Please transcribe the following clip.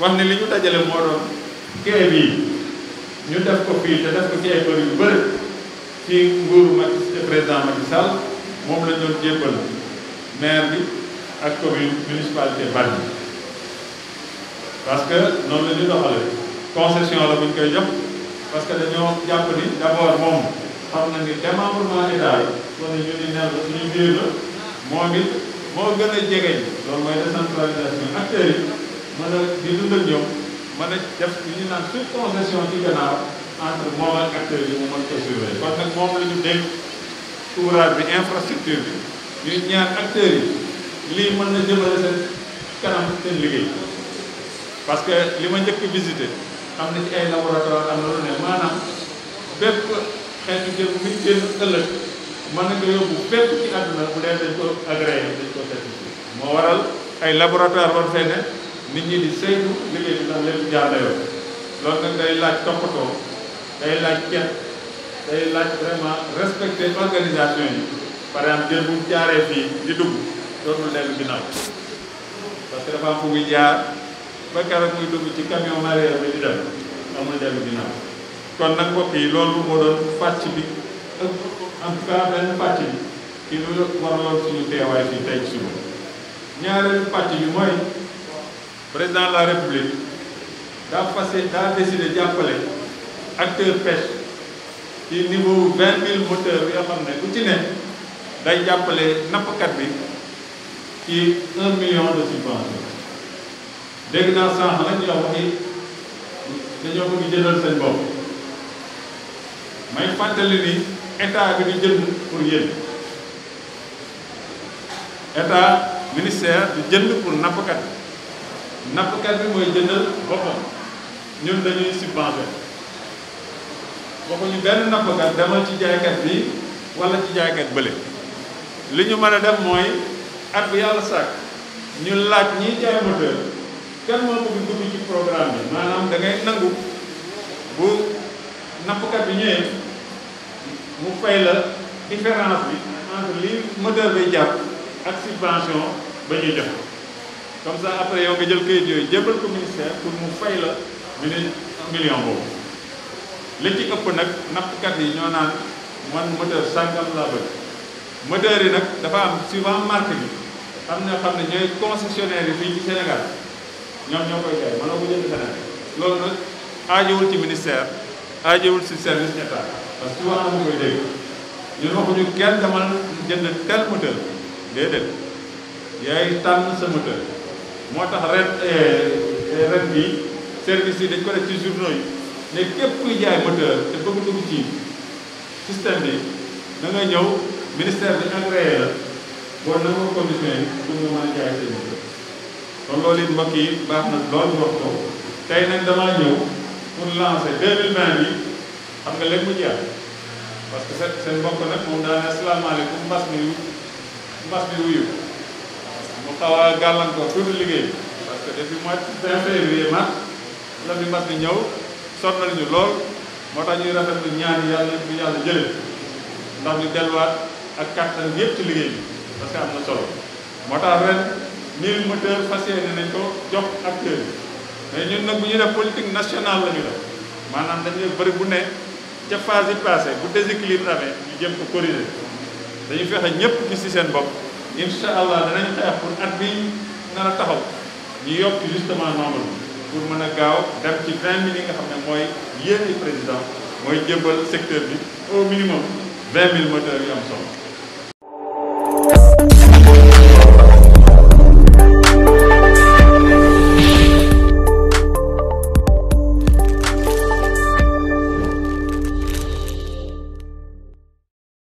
wax ne li ñu dajale moo doon kee bi ñu def ko fii te def ko ci ay bër yu bëri ci nguuru Macky président Macky Sall moom la doon jébbal maire bi ak commune municipalité Bargny parce que noonu la ñu doxale concession la buñ koy jox parce que dañoo jàpp ni d' abord moom xam na ni démembrement état yi kon ñu di nel suñu biir la moom it moo gën a jege loolu mooy décentralisation acteurs yi mën a di dund ak mën a def li ñu naan sur ci gannaaw entre moom ak yi mu mën ko surveiller kon nag moom la ñu dégg ouvrage bi infrastructure bi ñuy ñaar acteurs yi lii mën na jëmale seen kanam seen liggéey parce que li ma njëkk visité am na ci ay laboratoire am na lu ne maanaam bépp xeetu jëm mi génn ëllëg mën na ko yóbbu bépp ci àdduna bu dee dañ ko agréé dañ ko certifié moo waral ay laboratoire war fee ne nit ñi di saytu liggéey bi ndax lépp jaar na yoon loolu nag laaj toppatoo day laaj cet day laaj vraiment respecter organisation yi par exemple jël bu jaaree fii di dugg dootul dellu ginnaaw parce que dafa am fu muy jaar ba keroog muy dugg ci camion arrière bi di dem amul dellu ginnaaw kon nag mbokk yi loolu moo doon pàcc bi ak en tout cas benn pàcc bi ci lu suñu teewaay fii tey ci suba ñaareelu pàcc bi mooy président la république daa passé daa décidé jàppale acteur pêche ci niveau vingt mille moteurs yoo xam ne ku ci ne day jàppale nappkat bi ci un million de subvention dégg naa sànq nag yow waxi dañoo bëgg jëndal seen bopp may fàttali ni état bi di jënd pour yéen état ministère du jënd pour nappkat bi nappkat bi mooy jëndal boppam ñun dañuy subventionné waxuñu benn nappkat demal ci jaaykat bi wala ci jaaykat bële li ñu mën a def mooy at bu yàlla sàkk ñu laaj ñiy jaay moteur kan moo bëgg dugg ci programme bi maanaam da ngay nangu bu nappkat bi ñëwee mu fay la différence bi entre li moteur bay jàpp ak subvention ba ñuy joxe comme ça après yow nga jël kayit yooyu jébal ko ministère pour mu fay la ñu million li ci ëpp yi naan man moteur sàngam laa bëgg moteur yi nag dafa am suivant marque bi am na xam concessionnaire yi ci Sénégal ñoom ñoo koy jaay ko jënd Sénégal loolu ci ministère ci service état parce que souvent dama koy dégg ñun waxuñu kenn demal jënd tel moteur déedéet yaay tànn sa moteur moo tax ren eh, eh, ren bi service yi dañ ko def ci journaux yi ne képp kuy jaay moteur te bëgg dugg ci système bi da ñëw ministère bi agréé la na nangoo condition yi pour nga mën a jaay seen moteur kon loolu it mbokk yi baax na loolu wax ko tey nag damaa ñëw pour lancer 2020 bi xam nga lépp mu jeex parce que seen seen mbokk nag moom daa ne asalaamaaleykum mbas mi mbas mi wuyu mu xaw a gàllankoor tuuti liggéey parce que depuis mois fin février mars la bi mbas bi ñëw sonnal ñu lool moo tax ñuy bu ñaan yàlla bu yàlla jëlee ndax ñu delluwaat ak kàttan yëpp ci liggéey bi parce que am na solo moo tax ren mille moteurs fas yéene nañ ko jox acteurs yi mais ñun nag bu ñu def politique national la ñu def maanaam dañuy bëri bu ne ca phase yi passé bu déséquilibre amee ñu jëm ko corriger dañuy fexe ñëpp gis ci seen bopp incha allah danañ xeex pour at bi a taxaw ñu yokk justement nombre pour mën a gaaw dem ci vingt mille nga xam ne mooy yéen président mooy jébbal secteur bi au minimum vingt mille moteurs yu am solo.